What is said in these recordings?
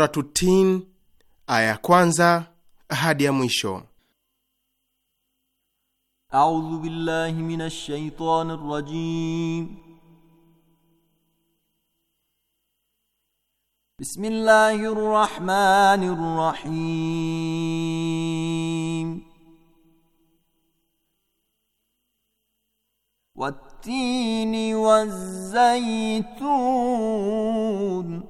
Suratu Tin aya ya kwanza hadi ya mwisho. A'udhu billahi minash shaitani rrajim. Bismillahir rahmanir rahim. Wat-tini waz-zaytun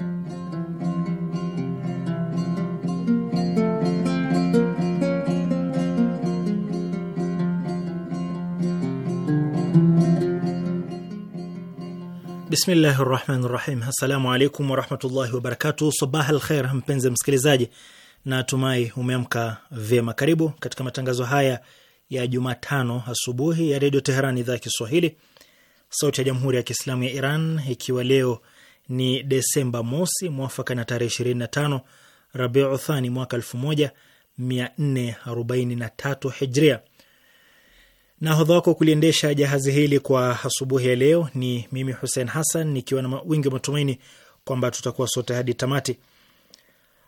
Bismillahi rahmani rahim. Assalamu alaikum warahmatullahi wabarakatuh. Sabah al kher, mpenzi msikilizaji, na tumai umeamka vyema. Karibu katika matangazo haya ya Jumatano asubuhi ya Redio Teheran, idhaa ya Kiswahili, sauti ya Jamhuri ya Kiislamu ya Iran, ikiwa leo ni Desemba mosi mwafaka na tarehe 25 Rabiu Thani mwaka tatu Hijria. Nahodha wako kuliendesha jahazi hili kwa asubuhi ya leo ni mimi Hussein Hassan, nikiwa na wingi wa matumaini kwamba tutakuwa sote hadi tamati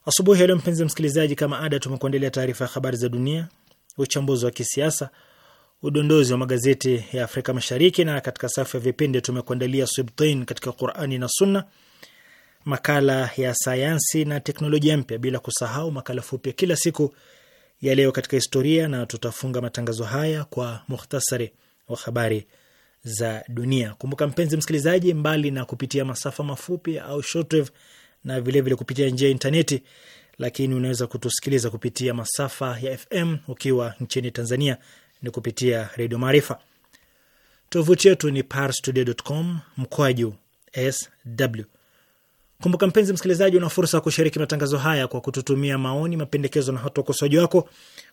asubuhi ya leo. Mpenzi msikilizaji, kama ada, tumekuandalia taarifa ya habari za dunia, uchambuzi wa kisiasa, udondozi wa magazeti ya Afrika Mashariki, na katika safu ya vipindi tumekuandalia Sibtin katika Qurani na Sunna, makala ya sayansi na teknolojia mpya, bila kusahau makala fupi ya kila siku ya leo katika historia, na tutafunga matangazo haya kwa muhtasari wa habari za dunia. Kumbuka mpenzi msikilizaji, mbali na kupitia masafa mafupi au shortwave na vilevile vile kupitia njia ya intaneti, lakini unaweza kutusikiliza kupitia masafa ya FM ukiwa nchini Tanzania ni kupitia Redio Maarifa. Tovuti yetu ni parstoday.com mkwaju sw Kumbuka mpenzi msikilizaji, una fursa ya kushiriki matangazo haya kwa kututumia maoni, mapendekezo na hata ukosoaji wako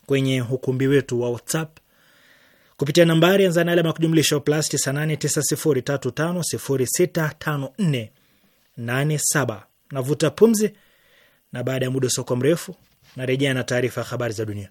kwenye ukumbi wetu wa WhatsApp kupitia nambari anza na alama ya kujumlisha plus 989035065487. Navuta pumzi, na baada ya muda usoko mrefu narejea na taarifa ya habari za dunia.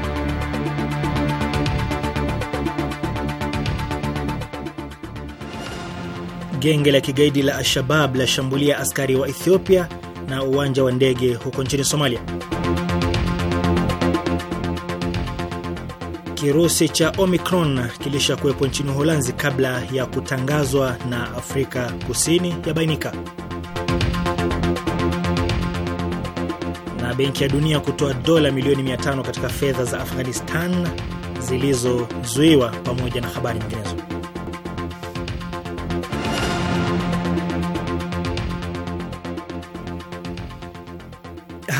Genge la kigaidi la Al-Shabab shambulia askari wa Ethiopia na uwanja wa ndege huko nchini Somalia. Kirusi cha Omicron kilisha kuwepo nchini Uholanzi kabla ya kutangazwa na Afrika Kusini yabainika. Na Benki ya Dunia kutoa dola milioni 500 katika fedha za Afghanistan zilizozuiwa, pamoja na habari nyinginezo.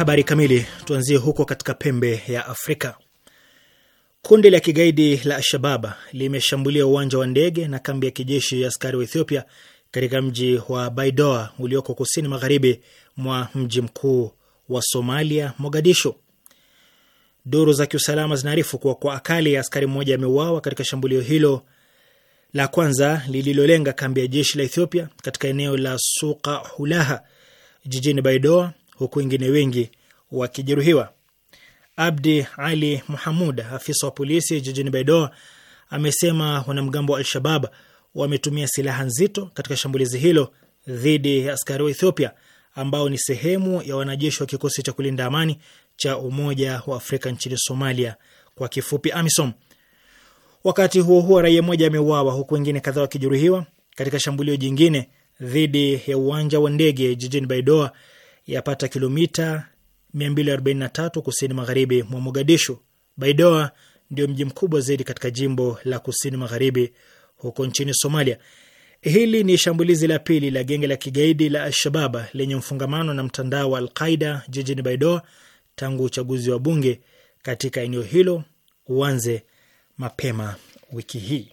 habari kamili, tuanzie huko katika pembe ya Afrika. Kundi la kigaidi la Alshababa limeshambulia uwanja wa ndege na kambi ya kijeshi ya askari wa Ethiopia katika mji wa Baidoa ulioko kusini magharibi mwa mji mkuu wa Somalia, Mogadishu. Duru za kiusalama zinaarifu kuwa kwa akali ya askari mmoja ameuawa katika shambulio hilo la kwanza lililolenga kambi ya jeshi la Ethiopia katika eneo la Suka Hulaha jijini Baidoa huku wengine wengi wakijeruhiwa. Abdi Ali Muhamud, afisa wa polisi jijini Baidoa, amesema wanamgambo wa Al-Shabab wametumia silaha nzito katika shambulizi hilo dhidi ya askari wa Ethiopia ambao ni sehemu ya wanajeshi wa kikosi cha kulinda amani cha Umoja wa Afrika nchini Somalia, kwa kifupi AMISOM. Wakati huo huo, raia mmoja ameuawa huku wengine kadhaa wakijeruhiwa katika shambulio jingine dhidi ya uwanja wa ndege jijini Baidoa yapata kilomita 243 kusini magharibi mwa Mogadishu. Baidoa ndio mji mkubwa zaidi katika jimbo la kusini magharibi huko nchini Somalia. Hili ni shambulizi la pili la genge la kigaidi la Alshababa lenye mfungamano na mtandao wa Alqaida jijini Baidoa tangu uchaguzi wa bunge katika eneo hilo uanze mapema wiki hii.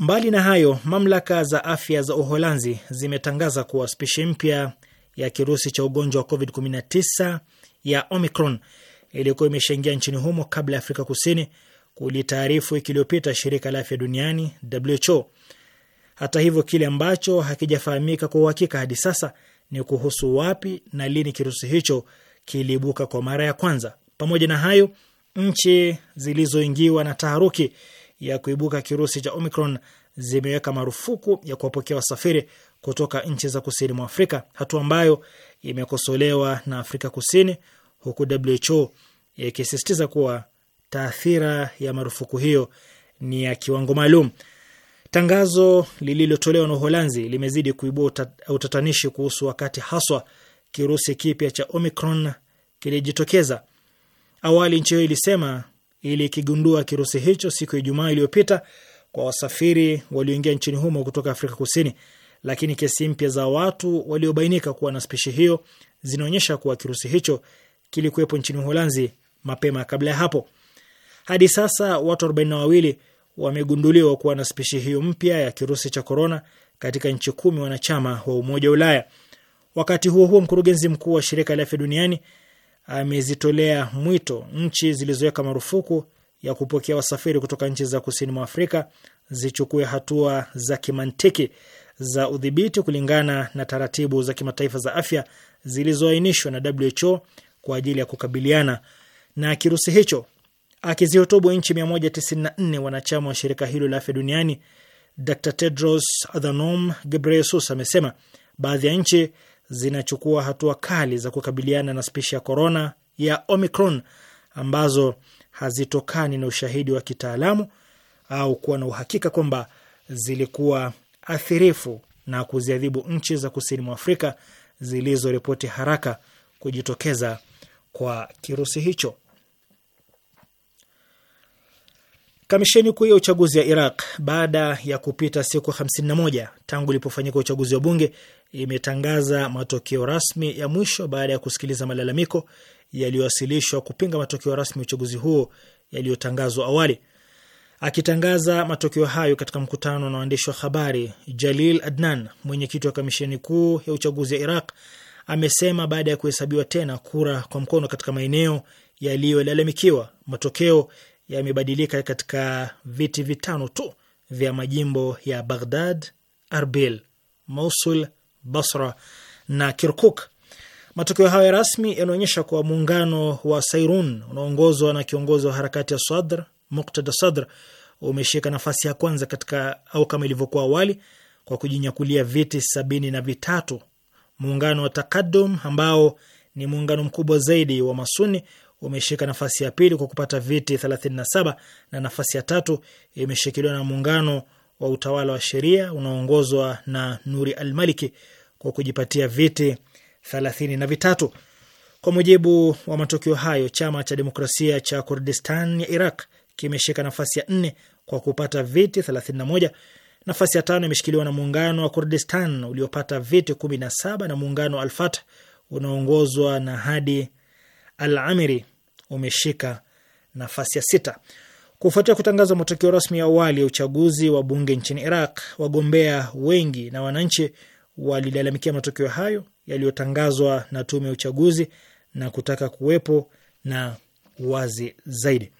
Mbali na hayo, mamlaka za afya za Uholanzi zimetangaza kuwa spishi mpya ya kirusi cha ugonjwa wa COVID-19 ya Omicron iliyokuwa imeshaingia nchini humo kabla ya Afrika Kusini kulitaarifu wiki iliyopita shirika la afya duniani WHO. Hata hivyo, kile ambacho hakijafahamika kwa uhakika hadi sasa ni kuhusu wapi na lini kirusi hicho kiliibuka kwa mara ya kwanza. Pamoja na hayo, nchi zilizoingiwa na taharuki ya kuibuka kirusi cha Omicron zimeweka marufuku ya kuwapokea wasafiri kutoka nchi za kusini mwa Afrika, hatua ambayo imekosolewa na Afrika Kusini, huku WHO ikisisitiza kuwa taathira ya marufuku hiyo ni ya kiwango maalum. Tangazo lililotolewa na Uholanzi limezidi kuibua utatanishi kuhusu wakati haswa kirusi kipya cha Omicron kilijitokeza. Awali nchi hiyo ilisema ilikigundua kirusi hicho siku ya Ijumaa iliyopita kwa wasafiri walioingia nchini humo kutoka Afrika Kusini, lakini kesi mpya za watu waliobainika kuwa na spishi hiyo zinaonyesha kuwa kirusi hicho kilikuwepo nchini Uholanzi mapema kabla ya hapo. Hadi sasa watu arobaini na wawili wamegunduliwa kuwa na spishi hiyo mpya ya kirusi cha korona katika nchi kumi wanachama wa Umoja wa Ulaya. Wakati huo huo, mkurugenzi mkuu wa shirika la afya duniani amezitolea mwito nchi zilizoweka marufuku ya kupokea wasafiri kutoka nchi za kusini mwa Afrika zichukue hatua za kimantiki za udhibiti kulingana na taratibu za kimataifa za afya zilizoainishwa na WHO kwa ajili ya kukabiliana na kirusi hicho. Akizihutubu nchi 194 wanachama wa shirika hilo la afya duniani, Dr Tedros Adhanom Ghebreyesus amesema baadhi ya nchi zinachukua hatua kali za kukabiliana na spishi ya korona ya Omicron ambazo hazitokani na ushahidi wa kitaalamu au kuwa na uhakika kwamba zilikuwa athirifu na kuziadhibu nchi za kusini mwa Afrika zilizoripoti haraka kujitokeza kwa kirusi hicho. Kamisheni kuu ya uchaguzi ya Iraq, baada ya kupita siku 51 tangu ilipofanyika uchaguzi wa bunge, imetangaza matokeo rasmi ya mwisho baada ya kusikiliza malalamiko yaliyowasilishwa kupinga matokeo rasmi ya uchaguzi huo yaliyotangazwa awali. Akitangaza matokeo hayo katika mkutano na waandishi wa habari, Jalil Adnan, mwenyekiti wa kamisheni kuu ya uchaguzi ya Iraq, amesema baada ya kuhesabiwa tena kura kwa mkono katika maeneo yaliyolalamikiwa, matokeo yamebadilika katika viti vitano tu vya majimbo ya Baghdad, Arbil, Mosul Basra na Kirkuk. Matokeo hayo rasmi yanaonyesha kuwa muungano wa Sairun unaoongozwa na kiongozi wa harakati ya Sadr Muktada Sadr umeshika nafasi ya kwanza katika au kama ilivyokuwa awali kwa kujinyakulia viti sabini na vitatu. Muungano wa Takadum ambao ni muungano mkubwa zaidi wa Masuni umeshika nafasi ya pili kwa kupata viti 37 na nafasi ya tatu imeshikiliwa na muungano wa utawala wa sheria unaoongozwa na Nuri al-Maliki kwa kujipatia viti thelathini na vitatu. Kwa mujibu wa matokeo hayo, chama cha demokrasia cha Kurdistan ya Iraq kimeshika nafasi ya nne kwa kupata viti 31. Nafasi ya tano imeshikiliwa na muungano wa Kurdistan uliopata viti 17 na muungano wa Alfat unaongozwa na Hadi Al Amiri umeshika nafasi ya sita. Kufuatia kutangaza matokeo rasmi ya awali ya uchaguzi wa bunge nchini Iraq, wagombea wengi na wananchi walilalamikia matokeo hayo yaliyotangazwa na tume ya uchaguzi na kutaka kuwepo na wazi zaidi.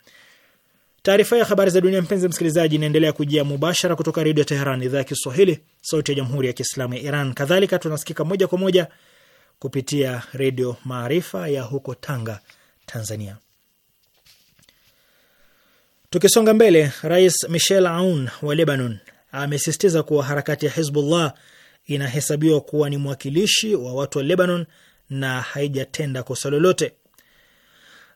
Taarifa ya habari za dunia, mpenzi msikilizaji, inaendelea kujia mubashara kutoka redio Teheran, idhaa ya Kiswahili, sauti ya jamhuri ya kiislamu ya Iran. Kadhalika tunasikika moja kwa moja kupitia redio Maarifa ya huko Tanga, Tanzania. Tukisonga mbele, Rais Michel Aoun wa Lebanon amesisitiza kuwa harakati ya Hizbullah inahesabiwa kuwa ni mwakilishi wa watu wa Lebanon na haijatenda kosa lolote.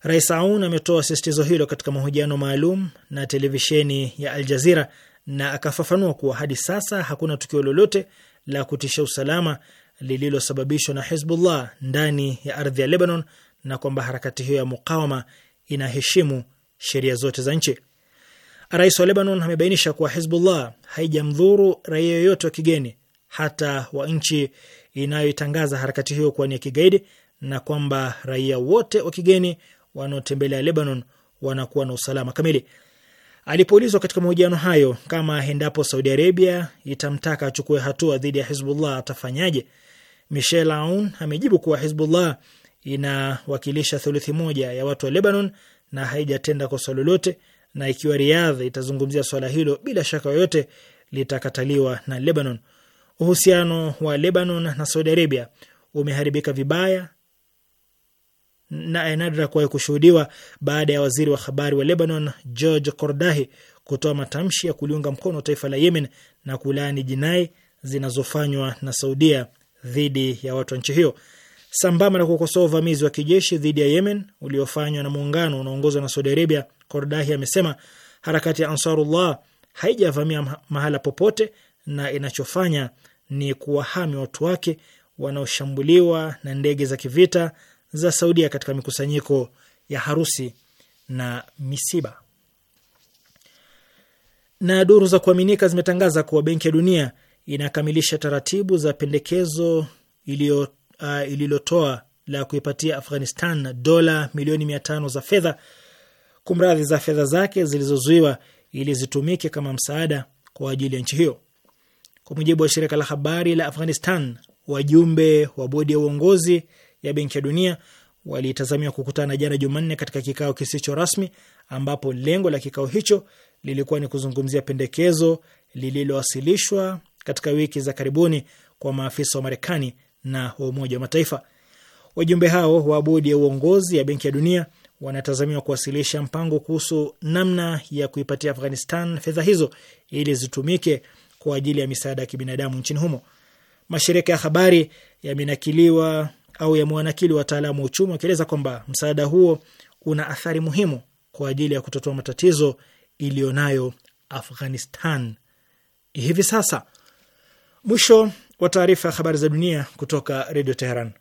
Rais Aoun ametoa sisitizo hilo katika mahojiano maalum na televisheni ya Al na akafafanua kuwa hadi sasa hakuna tukio lolote la kutisha usalama lililosababishwa na Hizbullah ndani ya ardhi ya Lebanon na kwamba harakati hiyo ya mukawama inaheshimu sheria zote za nchi. Rais wa Lebanon amebainisha kuwa Hizbullah haijamdhuru raia yoyote wa kigeni, hata wa nchi inayoitangaza harakati hiyo kuwa ni ya kigaidi, na kwamba raia wote wa kigeni wanaotembelea Lebanon wanakuwa na usalama kamili. Alipoulizwa katika mahojiano hayo kama endapo Saudi Arabia itamtaka achukue hatua dhidi ya Hizbullah atafanyaje, Michel Aoun amejibu kuwa Hizbullah inawakilisha thuluthi moja ya watu wa Lebanon na haijatenda kosa lolote, na ikiwa Riadha itazungumzia swala hilo, bila shaka yoyote litakataliwa na Lebanon. Uhusiano wa Lebanon na Saudi Arabia umeharibika vibaya na nadra kuwahi kushuhudiwa baada ya waziri wa habari wa Lebanon George Kordahi kutoa matamshi ya kuliunga mkono taifa la Yemen na kulaani jinai zinazofanywa na Saudia dhidi ya watu wa nchi hiyo sambamba na kukosoa uvamizi wa kijeshi dhidi ya Yemen uliofanywa na muungano unaongozwa na Saudi Arabia, Kordahi amesema harakati ya Ansarullah haijavamia mahala popote na inachofanya ni kuwahami watu wake wanaoshambuliwa na ndege za kivita za Saudia katika mikusanyiko ya harusi na misiba. Na duru za kuaminika zimetangaza kuwa Benki ya Dunia inakamilisha taratibu za pendekezo iliyo uh, ililotoa la kuipatia Afghanistan dola milioni mia tano za fedha, kumradhi, za fedha zake zilizozuiwa ili zitumike kama msaada kwa ajili ya nchi hiyo. Kwa mujibu wa shirika la habari la Afghanistan, wajumbe wa bodi ya uongozi ya Benki ya Dunia walitazamia kukutana jana Jumanne katika kikao kisicho rasmi, ambapo lengo la kikao hicho lilikuwa ni kuzungumzia pendekezo lililowasilishwa katika wiki za karibuni kwa maafisa wa Marekani na wa Umoja wa Mataifa. Wajumbe hao wa bodi ya uongozi ya Benki ya Dunia wanatazamiwa kuwasilisha mpango kuhusu namna ya kuipatia Afghanistan fedha hizo ili zitumike kwa ajili ya misaada ya kibinadamu nchini humo. Mashirika ya habari yamenakiliwa au yamewanakili wataalamu wa uchumi wakieleza kwamba msaada huo una athari muhimu kwa ajili ya kutatua matatizo iliyonayo Afghanistan hivi sasa. Mwisho wa taarifa ya habari za dunia kutoka Redio Teheran.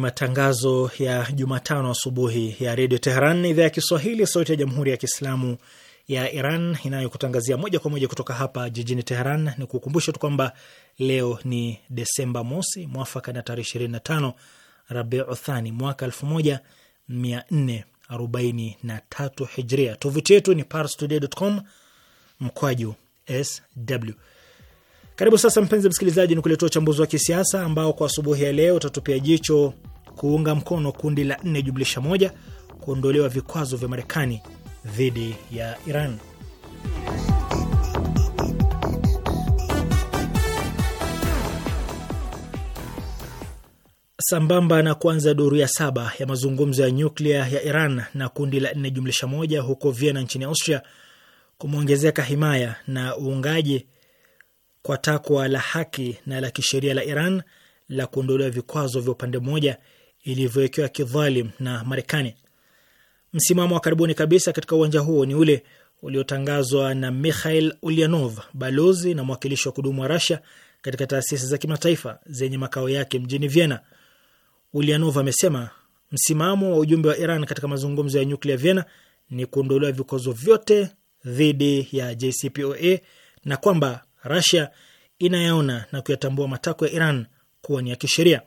matangazo ya Jumatano asubuhi ya redio Teheran, idhaa ya Kiswahili, sauti ya jamhuri ya kiislamu ya Iran inayokutangazia moja kwa moja kutoka hapa jijini Teheran. Ni kukumbusha tu kwamba leo ni Desemba mosi mwafaka na tarehe 25 Rabiu Thani mwaka 1443 Hijria. Tovuti yetu ni parstoday.com mkwaju sw karibu sasa, mpenzi msikilizaji, ni kuletea uchambuzi wa kisiasa ambao kwa asubuhi ya leo utatupia jicho kuunga mkono kundi la nne jumlisha moja kuondolewa vikwazo vya Marekani dhidi ya Iran. Sambamba na kuanza duru ya saba ya mazungumzo ya nyuklia ya Iran na kundi la nne jumlisha moja huko Vienna nchini Austria, kumeongezeka himaya na uungaji kwa takwa la haki na la kisheria la Iran la kuondolewa vikwazo vya upande mmoja ilivyowekewa kidhalim na Marekani. Msimamo wa karibuni kabisa katika uwanja huo ni ule uliotangazwa na Mikhail Ulyanov, balozi na mwakilishi wa kudumu wa Rasia katika taasisi za kimataifa zenye makao yake mjini Vienna. Ulyanov amesema msimamo wa ujumbe wa Iran katika mazungumzo ya nyuklia Vienna ni kuondolewa vikwazo vyote dhidi ya JCPOA na kwamba Rasia inayaona na kuyatambua matakwa ya Iran kuwa ni ya kisheria.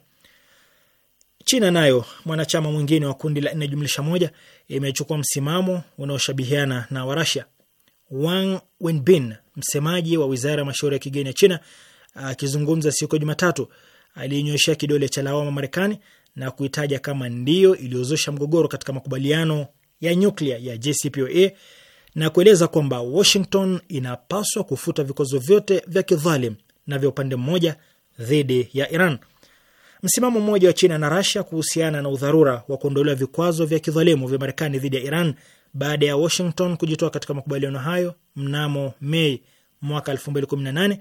China nayo, mwanachama mwingine wa kundi la nne jumlisha moja, imechukua msimamo unaoshabihiana na Warasia. Wang Wenbin, msemaji wa wizara ya mashauri ya kigeni ya China, akizungumza siku ya Jumatatu, aliinyoshea kidole cha lawama Marekani na kuitaja kama ndiyo iliyozusha mgogoro katika makubaliano ya nyuklia ya JCPOA na kueleza kwamba Washington inapaswa kufuta vikwazo vyote vya kidhalim na vya upande mmoja dhidi ya Iran. Msimamo mmoja wa China na Rasia kuhusiana na udharura wa kuondolewa vikwazo vya kidhalimu vya Marekani dhidi ya Iran baada ya Washington kujitoa katika makubaliano hayo mnamo Mei mwaka 2018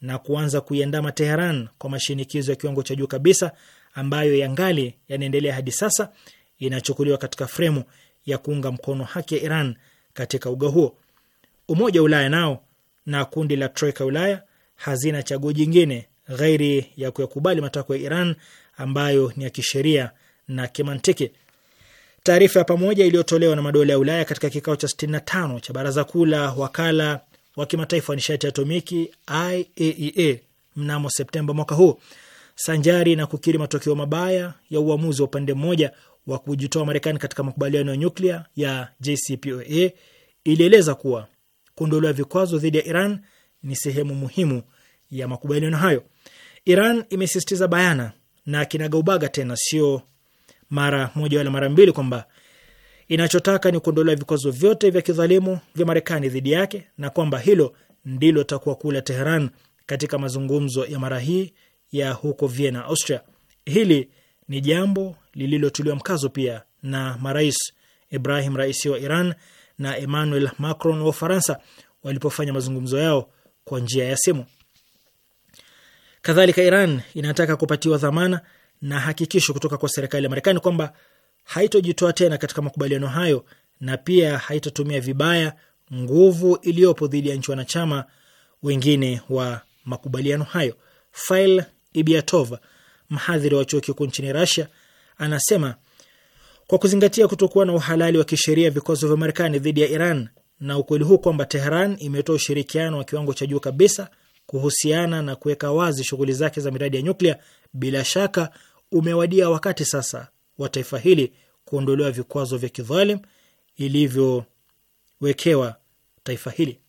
na kuanza kuiandama Teheran kwa mashinikizo ya kiwango cha juu kabisa ambayo yangali yanaendelea hadi sasa, inachukuliwa katika fremu ya kuunga mkono haki ya Iran katika uga huo. Umoja wa Ulaya nao na kundi la Troika Ulaya hazina chaguo jingine ghairi ya kuyakubali matakwa ya Iran ambayo ni ya kisheria na kimantiki. Taarifa ya pamoja iliyotolewa na madola ya Ulaya katika kikao cha 65 cha baraza kuu la wakala wa kimataifa wa nishati ya atomiki IAEA e mnamo Septemba mwaka huu, sanjari na kukiri matokeo mabaya ya uamuzi wa upande mmoja wa kujitoa Marekani katika makubaliano ya nyuklia ya JCPOA ilieleza kuwa kuondolewa vikwazo dhidi ya Iran ni sehemu muhimu ya makubaliano hayo. Iran imesisitiza bayana na kinagaubaga, tena sio mara moja wala mara mbili, kwamba inachotaka ni kuondolewa vikwazo vyote vya kidhalimu vya Marekani dhidi yake na kwamba hilo ndilo takuwa kuu la Teheran katika mazungumzo ya mara hii ya huko Vienna, Austria. Hili ni jambo lililotuliwa mkazo pia na marais Ibrahim Raisi wa Iran na Emmanuel Macron wa Ufaransa walipofanya mazungumzo yao kwa njia ya simu. Kadhalika, Iran inataka kupatiwa dhamana na hakikisho kutoka kwa serikali ya Marekani kwamba haitojitoa tena katika makubaliano hayo na pia haitatumia vibaya nguvu iliyopo dhidi ya nchi wanachama wengine wa makubaliano hayo. Fail Ibiatov, mhadhiri wa chuo kikuu nchini Rasia, anasema kwa kuzingatia kutokuwa na uhalali wa kisheria vikwazo vya Marekani dhidi ya Iran na ukweli huu kwamba Teheran imetoa ushirikiano wa kiwango cha juu kabisa kuhusiana na kuweka wazi shughuli zake za miradi ya nyuklia, bila shaka umewadia wakati sasa wa taifa hili kuondolewa vikwazo vya kidhalim ilivyowekewa taifa hili.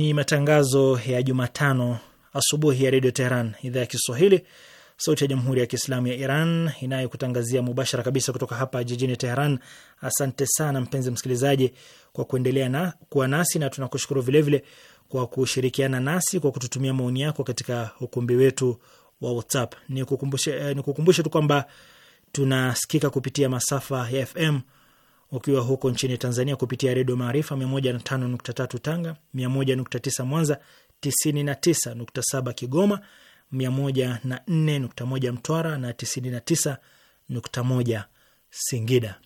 ni matangazo ya Jumatano asubuhi ya Redio Teheran, idhaa ya Kiswahili, sauti ya Jamhuri ya Kiislamu ya Iran inayokutangazia mubashara kabisa kutoka hapa jijini Teheran. Asante sana mpenzi msikilizaji kwa kuendelea na kuwa nasi na tunakushukuru vilevile kwa kushirikiana nasi kwa kututumia maoni yako katika ukumbi wetu wa WhatsApp. Nikukumbushe eh, tu kwamba tunasikika kupitia masafa ya FM ukiwa huko nchini Tanzania kupitia Redio Maarifa 105.3 Tanga, 101.9 Mwanza, 99.7 Kigoma, 104.1 Mtwara na 99.1 Singida.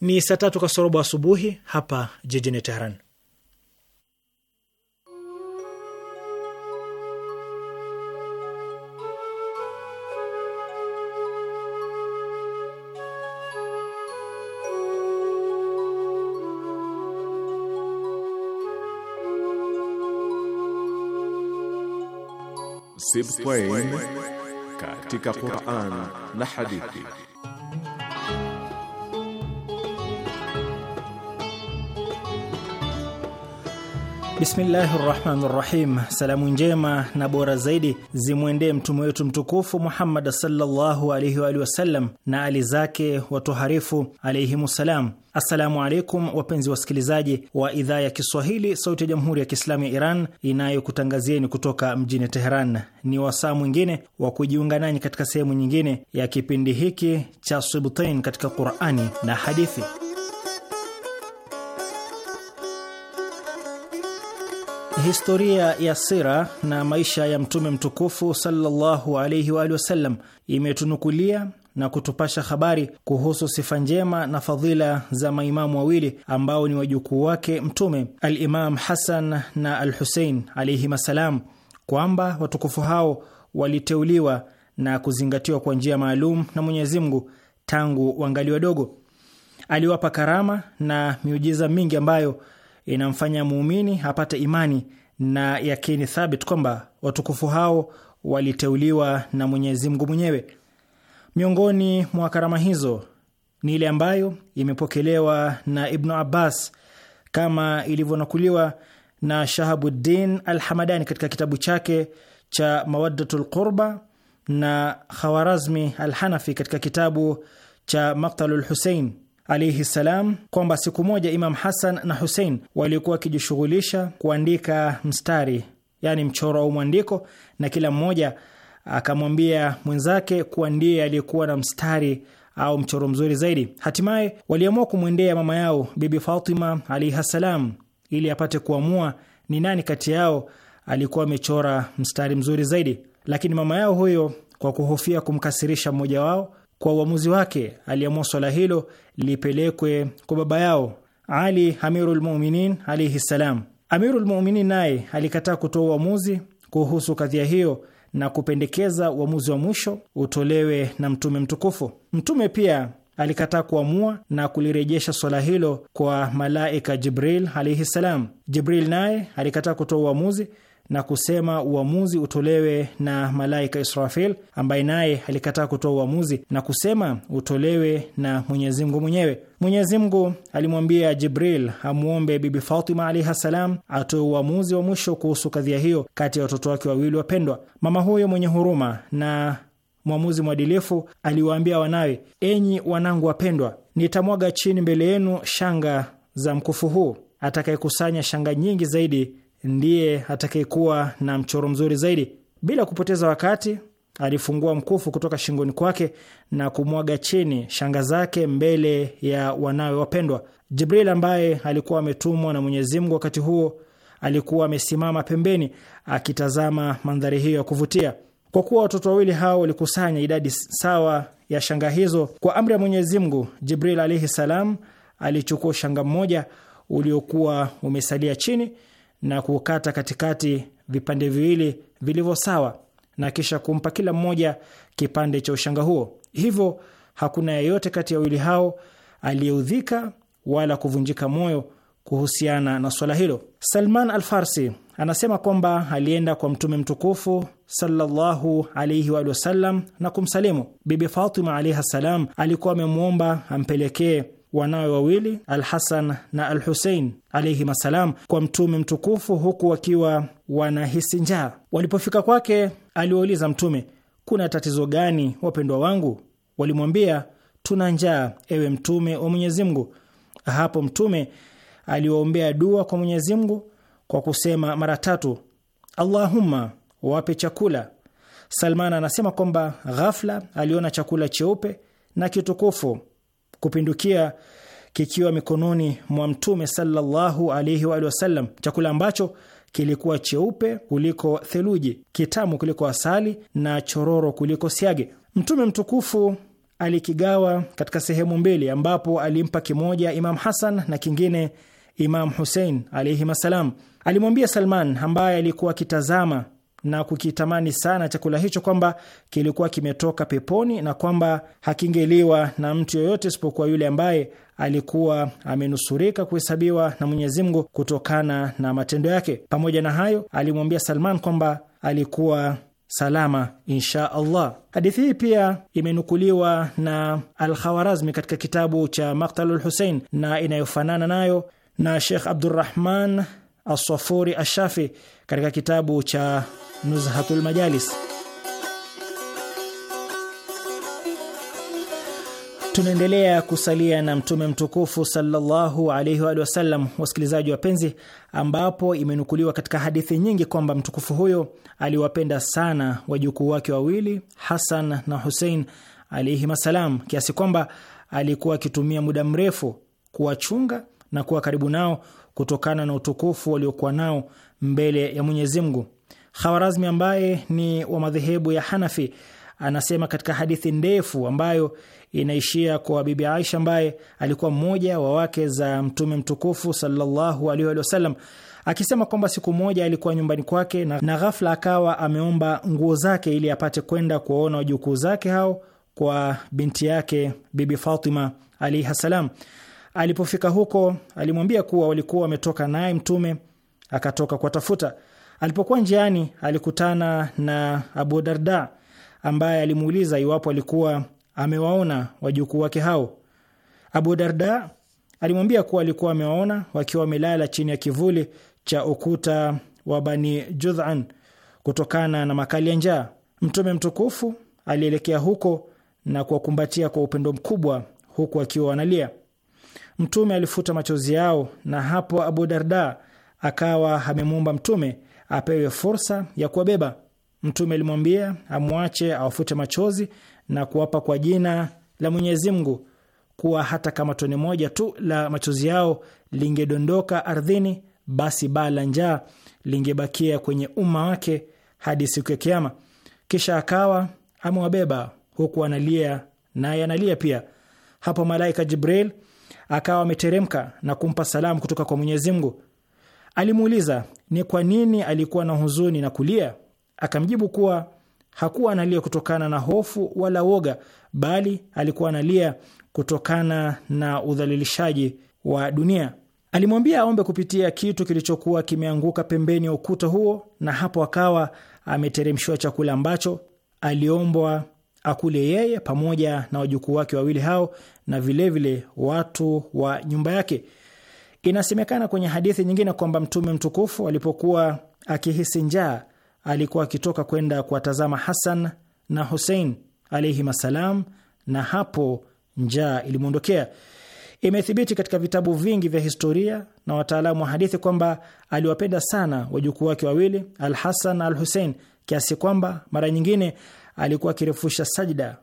Ni saa tatu kasorobo asubuhi hapa jijini teheran sibtain katika Qur'an na hadithi. Bismillahi rahmani rahim. Salamu njema na bora zaidi zimwendee mtume wetu mtukufu Muhammad sallallahu alaihi wa wasallam na ali zake watoharifu ssalam. Assalamu alaikum wapenzi wasikilizaji wa idhaa ya Kiswahili sauti ya jamhuri ya Kiislamu ya Iran inayokutangazieni kutoka mjini Teheran. Ni wasaa mwingine wa kujiunga nanyi katika sehemu nyingine ya kipindi hiki cha Sibtain katika Qurani na Hadithi. Historia ya sira na maisha ya mtume mtukufu sallallahu alaihi wasallam imetunukulia na kutupasha habari kuhusu sifa njema na fadhila za maimamu wawili ambao ni wajukuu wake mtume Alimam Hasan na al Husein alaihim assalam, kwamba watukufu hao waliteuliwa na kuzingatiwa kwa njia maalum na Mwenyezi Mungu tangu wangali wadogo. Aliwapa karama na miujiza mingi ambayo inamfanya muumini apate imani na yakini thabit kwamba watukufu hao waliteuliwa na Mwenyezi Mungu mwenyewe. Miongoni mwa karama hizo ni ile ambayo imepokelewa na Ibnu Abbas kama ilivyonakuliwa na Shahabuddin Alhamadani katika kitabu chake cha Mawaddatul Lqurba na Khawarazmi Alhanafi katika kitabu cha Maktalu Lhusein alaihi ssalam kwamba siku moja Imam Hasan na Husein walikuwa wakijishughulisha kuandika mstari, yani mchoro au mwandiko, na kila mmoja akamwambia mwenzake kuwa ndiye aliyekuwa na mstari au mchoro mzuri zaidi. Hatimaye waliamua kumwendea mama yao Bibi Fatima alaihi ssalam ili apate kuamua ni nani kati yao alikuwa amechora mstari mzuri zaidi, lakini mama yao huyo, kwa kuhofia kumkasirisha mmoja wao, kwa uamuzi wake aliamua swala hilo lipelekwe kwa baba yao Ali amirulmuminin alaihi ssalam. Amirulmuminin naye alikataa kutoa uamuzi kuhusu kadhia hiyo na kupendekeza uamuzi wa mwisho utolewe na Mtume mtukufu. Mtume pia alikataa kuamua na kulirejesha swala hilo kwa malaika Jibril alaihi ssalam. Jibril naye alikataa kutoa uamuzi na kusema uamuzi utolewe na malaika Israfil, ambaye naye alikataa kutoa uamuzi na kusema utolewe na Mwenyezi Mungu mwenyewe. Mwenyezi Mungu alimwambia Jibril amwombe Bibi Fatima alaihi ssalam atoe uamuzi wa mwisho kuhusu kadhia hiyo kati ya watoto wake wawili wapendwa. Mama huyo mwenye huruma na mwamuzi mwadilifu aliwaambia wanawe, enyi wanangu wapendwa, nitamwaga chini mbele yenu shanga za mkufu huu, atakayekusanya shanga nyingi zaidi ndiye atakayekuwa na mchoro mzuri zaidi. Bila kupoteza wakati, alifungua mkufu kutoka shingoni kwake na kumwaga chini shanga zake mbele ya wanawe wapendwa. Jibril ambaye alikuwa ametumwa na Mwenyezi Mungu wakati huo alikuwa amesimama pembeni akitazama mandhari hiyo ya kuvutia. Kwa kuwa watoto wawili hao walikusanya idadi sawa ya shanga hizo, kwa amri ya Mwenyezi Mungu, Jibril alaihi salam alichukua ushanga mmoja uliokuwa umesalia chini na kukata katikati vipande viwili vilivyo sawa na kisha kumpa kila mmoja kipande cha ushanga huo. Hivyo hakuna yeyote kati ya wawili hao aliyeudhika wala kuvunjika moyo kuhusiana na swala hilo. Salman al farsi anasema kwamba alienda kwa Mtume mtukufu sallallahu alaihi na kumsalimu. Bibi Fatima alaihi ssalam alikuwa amemwomba ampelekee wanawe wawili Alhasan na Al Husein alaihim assalam kwa Mtume mtukufu huku wakiwa wanahisi njaa. Walipofika kwake, aliwauliza Mtume, kuna tatizo gani wapendwa wangu? Walimwambia, tuna njaa, ewe Mtume wa Mwenyezi Mungu. Hapo Mtume aliwaombea dua kwa Mwenyezi Mungu kwa kusema mara tatu, Allahumma wape chakula. Salman anasema kwamba ghafla aliona chakula cheupe na kitukufu kupindukia kikiwa mikononi mwa Mtume sallallahu alaihi wa wasallam, chakula ambacho kilikuwa cheupe kuliko theluji, kitamu kuliko asali na chororo kuliko siage. Mtume mtukufu alikigawa katika sehemu mbili, ambapo alimpa kimoja Imam Hasan na kingine Imam Husein alaihim assalam. Alimwambia Salman ambaye alikuwa akitazama na kukitamani sana chakula hicho kwamba kilikuwa kimetoka peponi na kwamba hakingeliwa na mtu yoyote isipokuwa yule ambaye alikuwa amenusurika kuhesabiwa na Mwenyezi Mungu kutokana na matendo yake. Pamoja na hayo, alimwambia Salman kwamba alikuwa salama insha Allah. Hadithi hii pia imenukuliwa na Al-Khawarazmi katika kitabu cha l Husein na inayofanana nayo na Shekh Abdurrahman asafuri Ashafi katika kitabu cha Nuzhatul Majalis. Tunaendelea kusalia na Mtume mtukufu sallallahu alaihi wa sallam, wasikilizaji wapenzi, ambapo imenukuliwa katika hadithi nyingi kwamba mtukufu huyo aliwapenda sana wajukuu wake wawili Hasan na Husein alaihim assalam, kiasi kwamba alikuwa akitumia muda mrefu kuwachunga na kuwa karibu nao kutokana na utukufu waliokuwa nao mbele ya Mwenyezi Mungu. Khawarazmi ambaye ni wa madhehebu ya Hanafi anasema katika hadithi ndefu ambayo inaishia kwa Bibi Aisha ambaye alikuwa mmoja wa wake za Mtume mtukufu sallallahu alaihi wasallam akisema kwamba siku moja alikuwa nyumbani kwake na, na ghafla akawa ameomba nguo zake ili apate kwenda kuwaona wajukuu zake hao kwa binti yake Bibi Fatima alaihi salam. Alipofika huko alimwambia kuwa walikuwa wametoka naye Mtume akatoka kuwatafuta. Alipokuwa njiani, alikutana na Abu Darda ambaye alimuuliza iwapo alikuwa amewaona wajukuu wake hao. Abu Darda alimwambia kuwa alikuwa amewaona wakiwa wamelala chini ya kivuli cha ukuta wa Bani Judhan kutokana na makali ya njaa. Mtume mtukufu alielekea huko na kuwakumbatia kwa upendo mkubwa huku akiwa wanalia. Mtume alifuta machozi yao, na hapo Abu Darda akawa amemuomba Mtume apewe fursa ya kuwabeba. Mtume alimwambia amwache awafute machozi na kuwapa kwa jina la Mwenyezi Mungu kuwa hata kama tone moja tu la machozi yao lingedondoka ardhini, basi baa la njaa lingebakia kwenye umma wake hadi siku ya Kiama. Kisha akawa amewabeba huku analia naye analia pia. Hapo malaika Jibril akawa ameteremka na kumpa salamu kutoka kwa Mwenyezi Mungu. Alimuuliza, ni kwa nini alikuwa na huzuni na kulia? Akamjibu kuwa hakuwa analia kutokana na hofu wala woga, bali alikuwa analia kutokana na udhalilishaji wa dunia. Alimwambia aombe kupitia kitu kilichokuwa kimeanguka pembeni ya ukuta huo, na hapo akawa ameteremshiwa chakula ambacho aliombwa akule yeye pamoja na wajukuu wake wawili hao na vilevile vile watu wa nyumba yake. Inasemekana kwenye hadithi nyingine kwamba Mtume mtukufu alipokuwa akihisi njaa alikuwa akitoka kwenda kuwatazama Hasan na Husein alaihim assalam, na hapo njaa ilimwondokea. Imethibiti katika vitabu vingi vya historia na wataalamu wa hadithi kwamba aliwapenda sana wajukuu wake wawili Al Hasan na Al Husein, kiasi kwamba mara nyingine alikuwa akirefusha sajda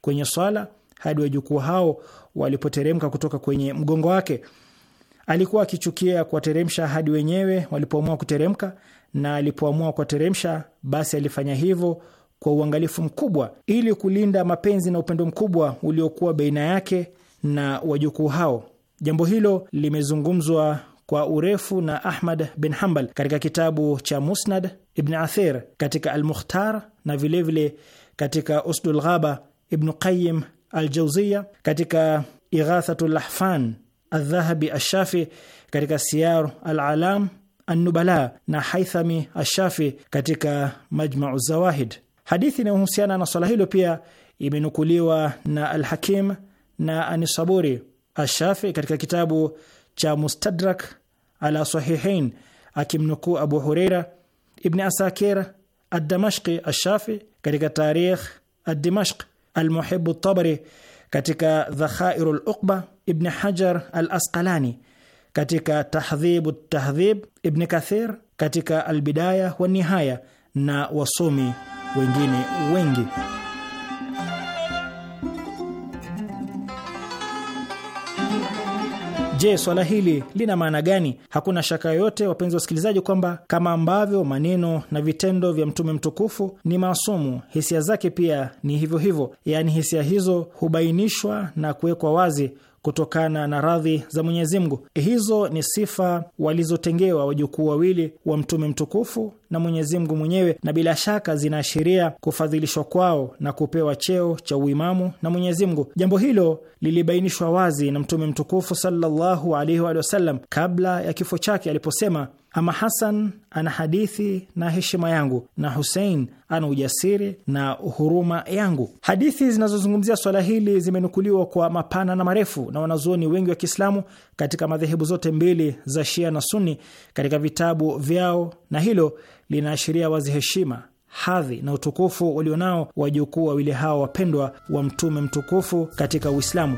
kwenye swala hadi wajukuu hao walipoteremka kutoka kwenye mgongo wake. Alikuwa akichukia kuwateremsha hadi wenyewe walipoamua kuteremka, na alipoamua kuwateremsha, basi alifanya hivyo kwa uangalifu mkubwa ili kulinda mapenzi na upendo mkubwa uliokuwa baina yake na wajukuu hao. Jambo hilo limezungumzwa kwa urefu na Ahmad bin hambal katika kitabu cha Musnad, Ibn Athir katika almukhtar na vilevile vile katika Usdul Ghaba, Ibnu Qayim aljauziya katika Ighathatu Lahfan الذهبي Ashafi katika Siyaru Alalam Annubala na Haithami Ashafi katika Majmau Zawahid. Hadithi inayohusiana na swala hilo pia imenukuliwa na Alhakim na Anisaburi Ashafi katika kitabu cha Mustadrak ala Sahihain akimnukuu Abu Hureira. Ibni Asakir Addamashqi Ashafi katika Tarikh Addimashq, Almuhibu Tabari katika Dhakhairu Luqba Ibn Hajar al Asqalani katika Tahdhibu Tahdhib, Ibni Kathir katika Albidaya wa Nihaya na wasomi wengine wengi. Je, swala hili lina maana gani? Hakuna shaka yoyote, wapenzi wasikilizaji, kwamba kama ambavyo maneno na vitendo vya mtume mtukufu ni maasumu, hisia zake pia ni hivyo hivyo, yaani hisia hizo hubainishwa na kuwekwa wazi kutokana na radhi za Mwenyezi Mungu. Hizo ni sifa walizotengewa wajukuu wawili wa Mtume mtukufu na Mwenyezi Mungu mwenyewe, na bila shaka zinaashiria kufadhilishwa kwao na kupewa cheo cha uimamu na Mwenyezi Mungu. Jambo hilo lilibainishwa wazi na Mtume mtukufu sallallahu alaihi wa sallam kabla ya kifo chake aliposema ama Hasan ana hadithi na heshima yangu na Husein ana ujasiri na huruma yangu. Hadithi zinazozungumzia swala hili zimenukuliwa kwa mapana na marefu na wanazuoni wengi wa Kiislamu katika madhehebu zote mbili za Shia na Sunni katika vitabu vyao, na hilo linaashiria wazi heshima, hadhi na utukufu walionao wajukuu wawili hao wapendwa wa Mtume mtukufu katika Uislamu.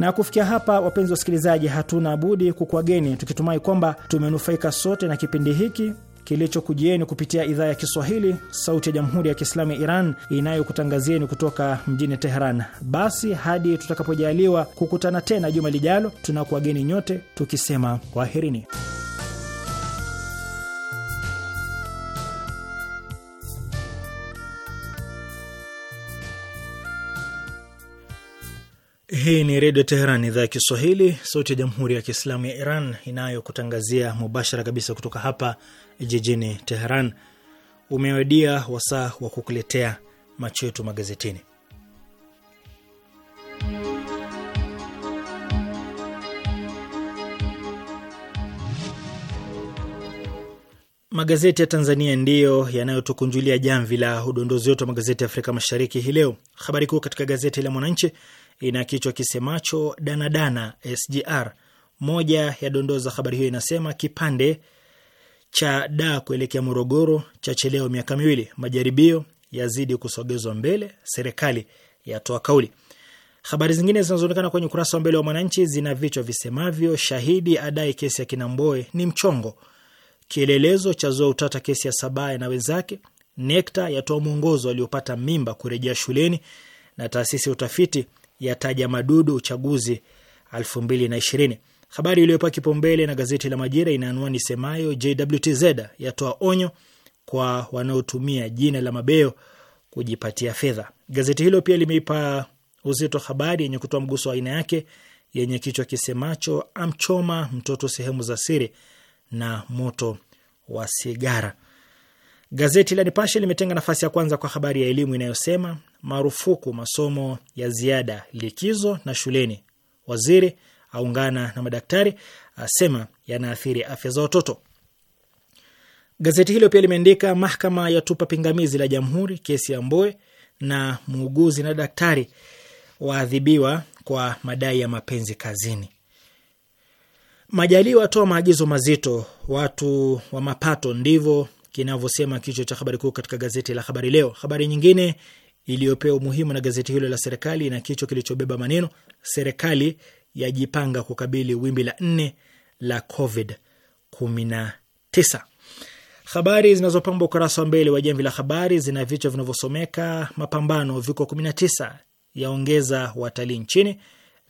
Na kufikia hapa, wapenzi wasikilizaji, hatuna budi kukwageni tukitumai kwamba tumenufaika sote na kipindi hiki kilichokujieni kupitia idhaa ya Kiswahili, Sauti ya Jamhuri ya Kiislamu ya Iran inayokutangazieni kutoka mjini Teheran. Basi hadi tutakapojaliwa kukutana tena juma lijalo, tunakuwageni nyote tukisema kwaherini. Hii ni Redio Teheran, idhaa ya Kiswahili, sauti ya Jamhuri ya Kiislamu ya Iran inayokutangazia mubashara kabisa kutoka hapa jijini Teheran. Umewadia wasaa wa kukuletea macho yetu magazetini. Magazeti ya Tanzania ndiyo yanayotukunjulia jamvi la udondozi wetu wa magazeti ya Afrika Mashariki hii leo. Habari kuu katika gazeti la Mwananchi ina kichwa kisemacho danadana SGR. Moja ya dondoo za habari hiyo inasema kipande cha da kuelekea Morogoro cha chelewa miaka miwili, majaribio yazidi kusogezwa mbele, serikali yatoa kauli. Habari zingine zinazoonekana kwenye ukurasa wa mbele wa Mwananchi zina vichwa visemavyo: shahidi adai kesi ya Kinamboe ni mchongo, kielelezo cha zoa utata kesi ya Sabaya na wenzake, NECTA yatoa mwongozo waliopata mimba kurejea shuleni, na taasisi ya utafiti yataja madudu uchaguzi 2020. Habari iliyopewa kipaumbele na gazeti la Majira ina anwani semayo JWTZ yatoa onyo kwa wanaotumia jina la mabeo kujipatia fedha. Gazeti hilo pia limeipa uzito habari yenye kutoa mguso wa aina yake yenye kichwa kisemacho amchoma mtoto sehemu za siri na moto wa sigara. Gazeti la Nipashe limetenga nafasi ya kwanza kwa habari ya elimu inayosema marufuku masomo ya ziada likizo na shuleni, waziri aungana na madaktari asema yanaathiri afya za watoto. Gazeti hilo pia limeandika mahakama yatupa pingamizi la jamhuri kesi ya Mboe na muuguzi na daktari waadhibiwa kwa madai ya mapenzi kazini. Majaliwa atoa maagizo mazito, watu wa mapato ndivyo kinavyosema kichwa cha habari kuu katika gazeti la Habari Leo. Habari nyingine iliyopewa umuhimu na gazeti hilo la serikali na kichwa kilichobeba maneno serikali yajipanga kukabili wimbi la nne la Covid 19. Habari zinazopamba ukurasa wa mbele wa Jamvi la Habari zina vichwa vinavyosomeka mapambano viko 19 yaongeza watalii nchini,